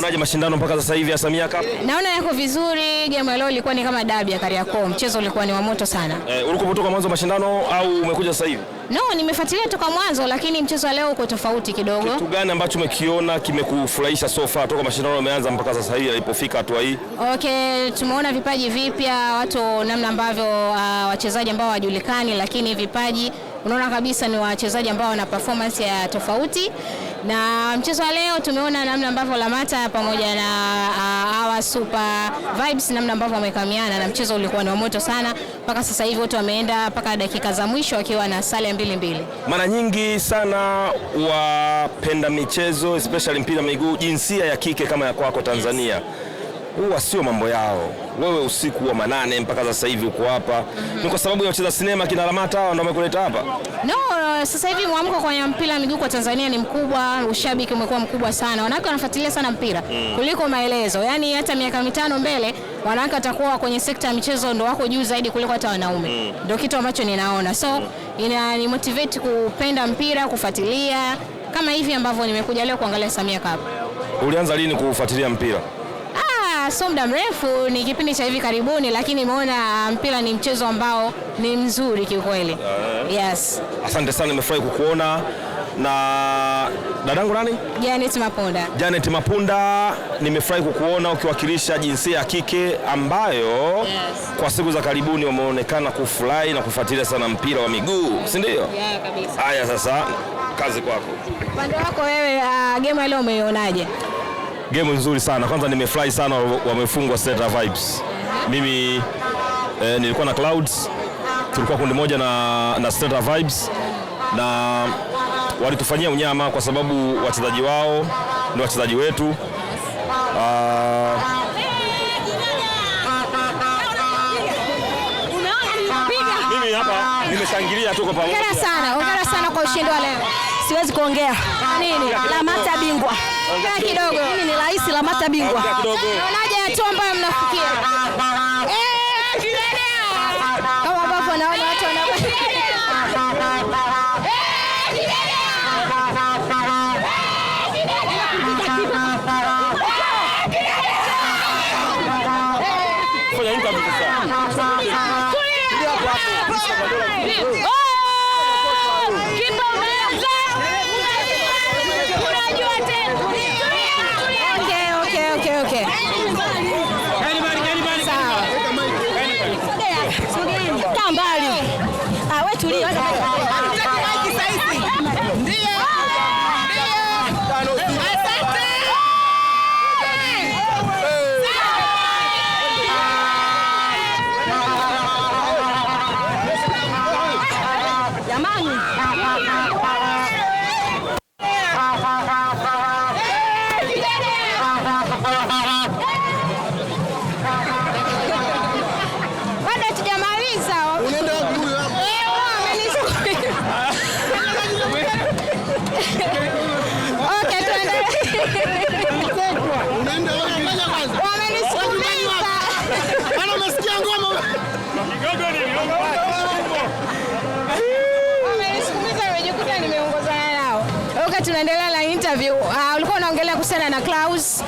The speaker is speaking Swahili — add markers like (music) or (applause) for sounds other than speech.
Unaonaje mashindano mpaka sasa hivi ya Samia Cup? Naona yako vizuri. Game leo ilikuwa ni kama dabi ya Kariakoo, mchezo ulikuwa ni wa moto sana. Eh, ulikuwa mwanzo mashindano au umekuja sasa hivi? No, nimefuatilia toka mwanzo lakini mchezo wa leo uko tofauti kidogo. Kitu gani ambacho umekiona kimekufurahisha so far toka mashindano yameanza mpaka sasa hivi alipofika hatua hii? Okay, tumeona vipaji vipya, watu namna ambavyo uh, wachezaji ambao hawajulikani lakini vipaji unaona kabisa ni wachezaji ambao wana performance ya tofauti, na mchezo wa leo tumeona namna ambavyo Lamata pamoja na our uh, Super Vibes namna ambavyo wamekamiana, na mchezo ulikuwa ni wa moto sana mpaka sasa hivi wote wameenda mpaka dakika za mwisho wakiwa na sare mbili mbili. Mara nyingi sana wapenda michezo especially mpira miguu jinsia ya kike kama ya kwako Tanzania yes huwa sio mambo yao. Wewe usiku wa manane mpaka sasa hivi uko hapa mm -hmm. Ni kwa sababu ya wacheza sinema kina Lamata hao ndio wamekuleta hapa? No, sasa hivi mwamko kwenye mpira miguu kwa Tanzania ni mkubwa, ushabiki umekuwa mkubwa sana, wanawake wanafuatilia sana mpira mm. kuliko maelezo. Yaani hata miaka mitano mbele wanawake watakuwa kwenye sekta ya michezo ndo wako juu zaidi kuliko hata wanaume, mm. ndio kitu ambacho ninaona so mm. inani motivate kupenda mpira, kufuatilia kama hivi ambavyo nimekuja leo kuangalia Samia Cup. Ulianza lini kufuatilia mpira? sio muda mrefu, ni kipindi cha hivi karibuni, lakini nimeona mpira ni mchezo ambao ni mzuri kiukweli. Eh. Yes. Asante sana, nimefurahi kukuona na dadangu nani? Janet Mapunda. Janet Mapunda, nimefurahi kukuona ukiwakilisha jinsia ya kike ambayo yes. Kwa siku za karibuni wameonekana kufurahi na kufuatilia sana mpira wa miguu, si ndio? Yeah, kabisa. Haya sasa, kazi kwako. Upande wako wewe, uh, game leo umeionaje? game nzuri sana. Kwanza nimefurahi sana wamefungwa Seta Vibes. Mimi eh, nilikuwa na Clouds, tulikuwa kundi moja na, na Seta Vibes na walitufanyia unyama kwa sababu wachezaji wao ni wachezaji wetu. Uh, mimi hapa nimeshangilia tu kwa pamoja. Hongera sana, hongera sana kwa ushindi wa leo. Siwezi kuongea nini, la bingwa. bingwa kidogo kamata Bingwa. Unaonaje hatua ambayo mnafikia? (laughs) Eh, Kama ambavyo naona watu wana (laughs) eh, 祝你发财。(laughs) tunaendelea na interview. Uh, ulikuwa unaongelea kuhusiana na Klaus